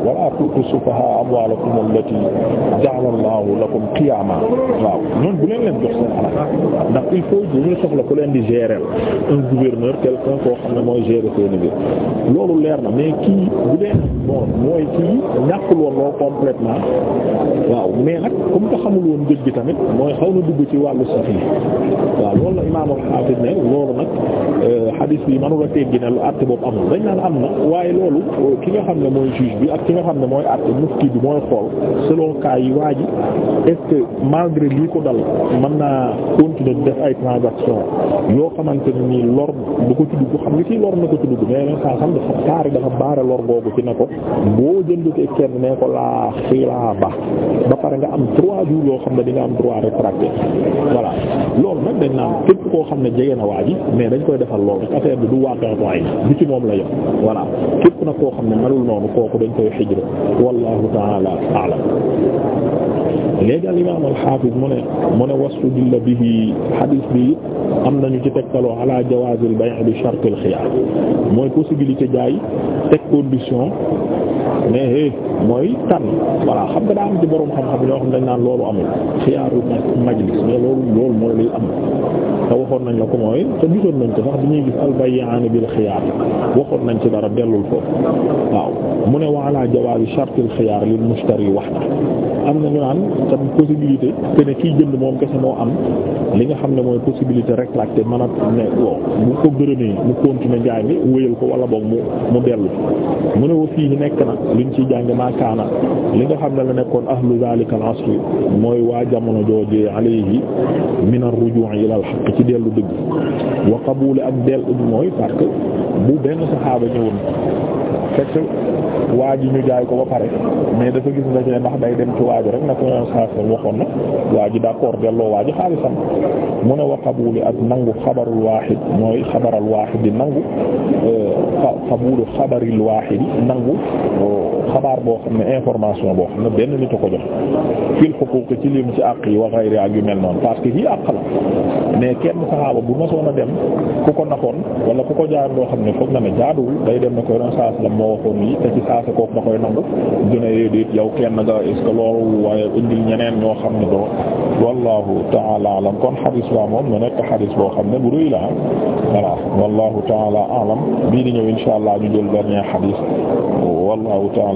wala tu'tu sufaha amwalakum allati ja'ala Allahu lakum qiyama waaw ñoom bu leen leen jox seen alal ndax il faut ku leen di gérer un gouverneur quelqu'un koo xam ne mooy gérer seen mbir loolu leer na mais kii bu leen bon mooy kii ñàkkul woon loolu complètement waaw mais nag comme que woon njëg bi tamit mooy xaw na dugg ci wàllu safi waaw loolu imaam al-Hafiz ne loolu nag hadith euh, bi mënula teggi ne lu àtte boobu na waaye loolu ki nga xam ne mooy juge bi ak nga xam ne mooy àtte mufti bi mooy xool selon cas yi waa ji est-ce que malgré lii ko dal man naa continuer di def ay transaction yoo xamante ne nii lor bu ko ci dugg xam nga ci lor na ko ci dugg mais na saa xam dafa taari dafa baare lor googu ci ne ko boo jëndutee kenn ne ko laa xilaa ba ba pare nga am trois jours yoo xam ne di nga am droit rétracté voilà loolu nag dañ naan képp koo xam ne jege na waa ji mais dañ koy defal loolu rek bi du waa point du ci moom la yem voilà képp nag koo xam ne melul hijr wallahu ta'ala a'lam léegi al imaam al haafiz mu ne mu ne wastudilla bihi hadith bi am nañu ci tegtaloo ala jawaaz al bay' bi shart al xiyaar mooy possibilité jaay teg condition mais hé eh, mooy tànn voilà xam nga daa am ci borom xam-xam yoo xam dañ naan loolu amul xiyaaru majlis mais loolu loolu mooy luy am te waxoon nañ la ko mooy te gisoon nañ ko sax bi ñuy gis albayyaan bil xiyaar waxoon nañ ci dara dellul foofu waaw mu ne wa ala jawaazi shartil xiyaar lil mushtari wahda am na ñu naan tam possibilité que ne kiy jënd moom kese moo am li nga xam ne mooy possibilité rétracté mën a ne wow bu ko gërëmee mu continuer jaay mi wéyal ko wala boog mu mu dellu mu ne wa fii nekk na ñu ciy jànge maakaana li nga xam ne la nekkoon ahlu zalika al asr mooy waa jamono joojee alayhi min ar-ruju' ila al-haqq ci dellu dëgg wa qabul ak dellu mooy parce que bu benn saxaaba ñëwoon fekk waa ji ñu jaay ko ba pare mais dafa gis nga see ndax day dem ci waa ji rek nag yoon saa seen waxoon na waa ji d'accord delloo waa ji xaalisam mu ne wa qabuli ak nangu xabarul waaxid mooy xabaral waaxid di nangu euh, qabulu xabaril waaxid nangu xabaar boo xam ne information boo xam ne benn nit a ko jox fil xuquuq ci lim ci àq yi wa ghayri ak yu mel noonu parce que yii àq la mais kenn saxaaba bu masoon a dem ku ko naxoon wala ku ko jaar loo xam ne foog na ne jaaduwul day dem ne ko ren saas la moo waxoon yi te ci saasa kooku da koy nangu dina yéedéet yow kenn nga est ce que loolu waaye indil ñeneen ñoo xam ne doo wallahu taala alam kon xadis la moom mu nekk xadis boo xam ne bu rëy la voilà wallahu taala alam bii di ñëw insha allah ñu jël dernier xadis wallahu taala